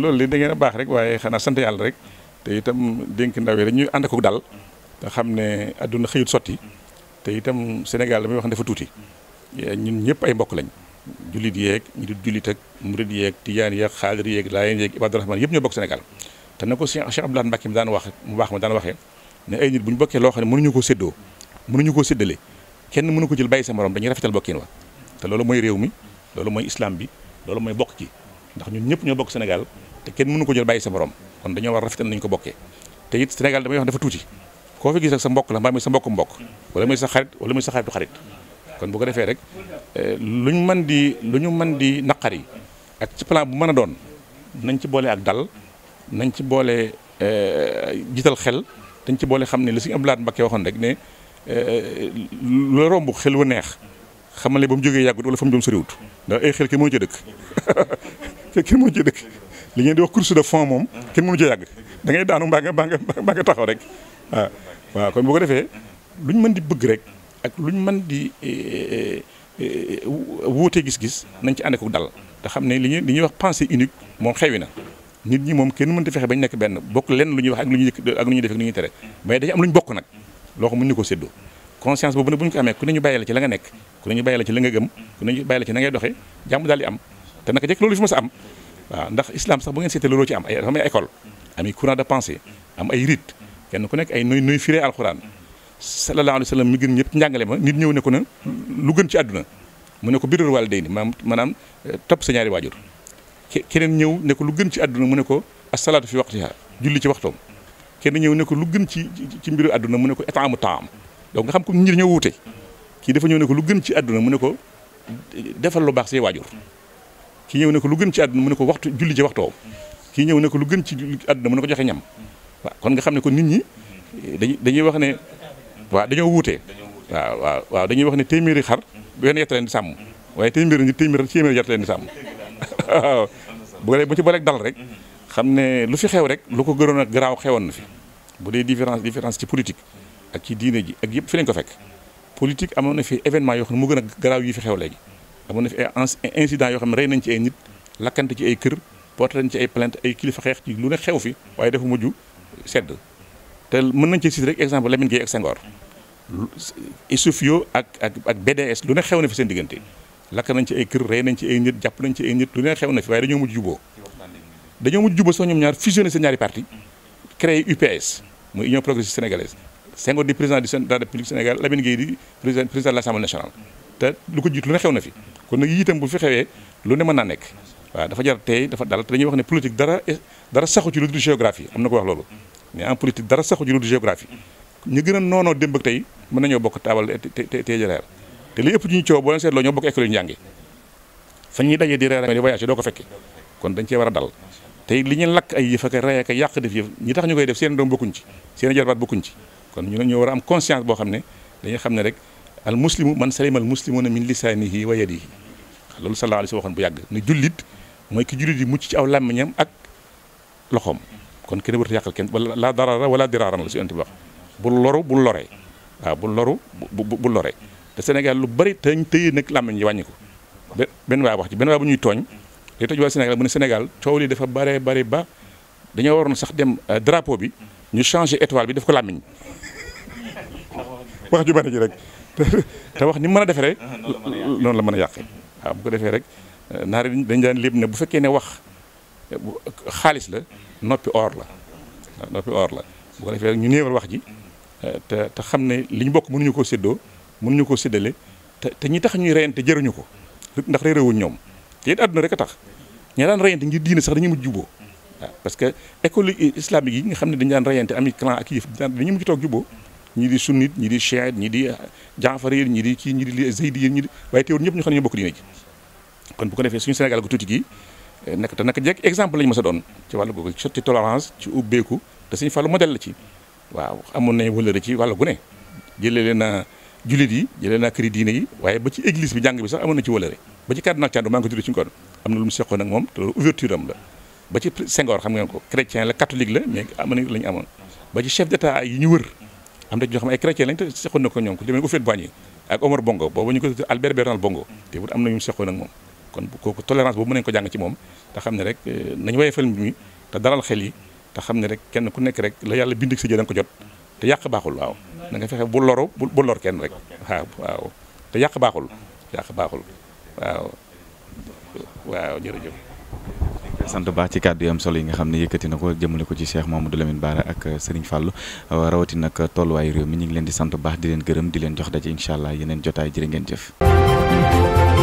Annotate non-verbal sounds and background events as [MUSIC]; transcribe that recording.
loolu li da ngeen a baax rek waaye xanaa sant yàlla rek te itam dénk ndaw yi rek ñuy ànd ko daal te xam ne adduna xëyut sotti te itam Sénégal damay wax ne dafa tuuti ñun ñëpp ay mbokk lañ jullit yeeg ñu di jullit ak murid yeeg tijaan yeeg xaadir yeeg laayeen yeeg ibaadu rahmaan yëpp ñoo bokk Sénégal te na ko Cheikh Abdoulaye Mbacké mi daan wax mu baax ma daan waxee ne ay nit bu ñu bokkee loo xam ne mënuñu koo séddoo mënuñu koo séddale kenn mënu ko jël bàyyi sa morom dañuy rafetal bokkin wa te loolu mooy réew mi loolu mooy islam bi loolu mooy bokk ci ndax ñun ñëpp ñoo bokk Sénégal te kenn mënu ko jël bàyyi sa morom kon dañoo war rafetal nañu ko bokkee te it Sénégal damay wax dafa tuuti koo fi gis rek sa mbokk la mbaa muy sa mbokk mbokk wala muy sa xarit wala muy sa xaritu kon bu ko defee rek eh, lu ñu mën di lu di naqari ak ci plan bu mën a doon nañ ci boole ak dal nañ ci boole eh, jiital xel dañ ci boole xam ne lu si Abdou Lahad Mbacké waxoon rek ne eh, lu la romb xel wu neex xamal ne ba mu jógee yàggut wala fa mu jëm soriwut ndax ay xel ki moo ci dëkk [LAUGHS] li ngeen di wax course de fond moom kenn mënu ci yàgg da ngay daanu mbaa waaw kon bu defee lu ñu mën di bëgg rek ak lu ñu mën di eh, eh, eh, wuutee te xam ne li ñuy li ñuy wax pensée unique moom na nit ñi moom fexe nekk benn bokk lenn lu ñuy wax ak lu ñuy ak lu ñuy def ak lu ñuy tere mais dañu am lu bokk nag loo xam mën ni ko séddoo conscience boobu nag bu ñu ko amee ku ne ñu bàyyi la ci la nga nekk ku ne ñu bàyyi la ci la nga gëm ku ne ñu bàyyi la ci na ngay doxee jàmm daal di am te naka jekk loolu fi ma sa am waaw ndax islam sax bu ngeen seetee looloo ci am ay am ay école am ay courant de pensée am ay rit kenn ku nekk ay nuy nuy firee alxuraan sallallahu alayhi wa sallam gën ñëpp njàngale ma nit ñëw ne na lu gën ci àdduna mu ne ko biral wàll day ni maanaam maanaam topp sa ñaari waajur keneen ñëw ne lu gën ci àdduna mu ne ko asalaatu eh, fi waqtiha julli ci waxtoom kenn ñëw ne ko lu gën ci ci mbiru àdduna mu ne ko étaamu taam donc nga xam ko ñi ñëw wuute kii dafa ñëw ne ko lu gën ci àdduna mu ne ko defal lu baax say waajur kii ñëw ne ko lu gën ci àdduna mu ne ko waxtu julli ci waxtoom kii ñëw ne ko lu gën ci àdduna mu ne ko joxe ñam waaw kon nga xam ne ko nit ñi dañuy dañuy wax ne waaw dañoo wuutee waaw waaw waaw dañuy wax ne téeméeri xar benn yett leen sàmm waaye téeméeri nit téeméer téeméeri yett leen di sàmm waaw [LAUGHS] bu ko bu ci booleeg dal rek xam ne lu fi xew rek lu ko gënoon a garaaw xewoon na fi bu dee différence différence ci politique ak ci diine ji ak yëpp fi lañ ko fekk politique amoon na fi événement yoo xam ne mu gën a garaaw yi fi xew léegi amoon na fi ay incident yoo xam ne rey nañ ci ay nit lakkante ci ay kër porté nañ ci ay plainte ay kilifa xeex ci lu ne xew fi waaye dafa mujj sedd te mën nañ ci citer rek exemple Lamine Gueye ak Senghor Issoufio ak ak ak BDS lu ne xew na fi seen diggante lakk nañ ci ay kër rey nañ ci ay nit jàpp nañ ci ay nit lu ne xew na fi waaye dañoo mujj juboo dañoo mujj juboo sax ñoom ñaar fusionné seen ñaari parti créé UPS muy Union Progressiste Sénégalaise Senghor di président du de la République Sénégal Lamine Gueye di président président de l'Assemblée nationale te lu ko jiitu lu ne xew na fi kon nag itam bu fi xewee lu ne mën naa nekk waaw dafa jar tey dafa dal te dañuy wax ne politique dara e, dara saxu ci lu dul géographie am na ko wax loolu mais en politique dara saxu ci ñu gën a noonoo démb ak tey mën nañoo bokk taabal te te li ëpp ñu coow boo leen seetloo ñoo bokk école yu njàngi fa ñuy dajee di reer di voyage doo ko fekke kon dañ cee war a dal tey li ñu lakk ay yëf ak rey ak yàq def yëf ñi tax ñu koy def seen doom bokkuñ ci seen jarbaat bokkuñ ci kon ñu ñoo war a am conscience boo xam ne dañuy xam ne rek al muslimu man salima al muslimuna min lisaanihi wa yadihi loolu sallallahu alayhi wa sallam waxoon bu yàgg ne jullit mooy ki jullit yi mucc ci aw làmmiñam ak loxoom kon kenn warut yàqal kenn wala laa darara wala diraaran la su yonent bi wax bu loru bu lore waaw bu loru bu bu te Sénégal lu bari te tëye nekk làmmiñ yi wàññiku ko benn waay wax ci benn waay bu ñuy tooñ day toj waa Sénégal mu ne Sénégal coow li dafa bare bari ba dañoo waroon sax dem euh, drapeau bi ñu changé étoile bi daf ko làmmiñ [LAUGHS] wax ju bari te wax ni mu mën a defee rek noonu la mën a yàqee waaw bu ko defee rek naar yi dañ daan léeb ne bu fekkee ne wax xaalis la noppi or la noppi or la bu ko defee rek ñu néewal wax ji te te xam ne li ñu bokk mënuñu koo séddoo mënuñu koo séddale te te ñi tax ñuy reyante jëruñu ko ndax réeréewuñ ñoom te it àdduna rek a tax ñi daan reyante ngir diine sax dañuy mujj juboo parce que école islamique yi nga xam ne dañu daan reyante ami clan ak yëf dañuy mujj toog juboo ñi di sunnit ñi di chiite ñi di jaafarir ñi di waaye teewul ñëpp ñu xam ne ñoo bokk diine ji kon bu ko defee suñu Sénégal gu tuuti gi eh, nekk te naka jekk exemple lañu mës a doon ci wàllu googu ci tolérance ci ubbeeku te suñu fàllu modèle la ci waaw amoon nañu wëlëre ci wàllu gu jëlee leen na jullit yi jëlee naa këri diine yi waaye ba ci église bi jàng bi sax amoon na ci wëlëre ba ci cardinal Thiandou maa ngi ko tudd ci kon am na lu mu seqoon ak moom la ba la catholique am na ñoo xam ne ay chrétien lañ te seqoon na ko ñoom ku demee Houphouët Boigny ak Omar Bongo boobu ñu ko tudd Albert Bernard Bongo te wut am na ñu seqoon ak moom kon kooku tolérance boobu mën nañu ko jàng ci moom te xam ne rek euh, nañ woyefal mbir mi te dalal xel yi te xam ne rek kenn ku nekk rek la yàlla bind si sa jë da nga ko jot te yàq baaxul waaw na nga fexe bu loru bu lor kenn rek waaw waaw te yàq baaxul yàq baaxul waaw waaw jërëjëf sant baax ci kàddu yi am solo yi nga xam ne yëkkati na ko jëmale ko ci Cheikh Mamadou Lamine Bara ak Serigne Fallou uh, rawati nag tolluwaayu réew mi ñu ngi leen di sant baax di leen gërëm di leen jox daje incha allah yeneen jotaay jërë ngeen jëf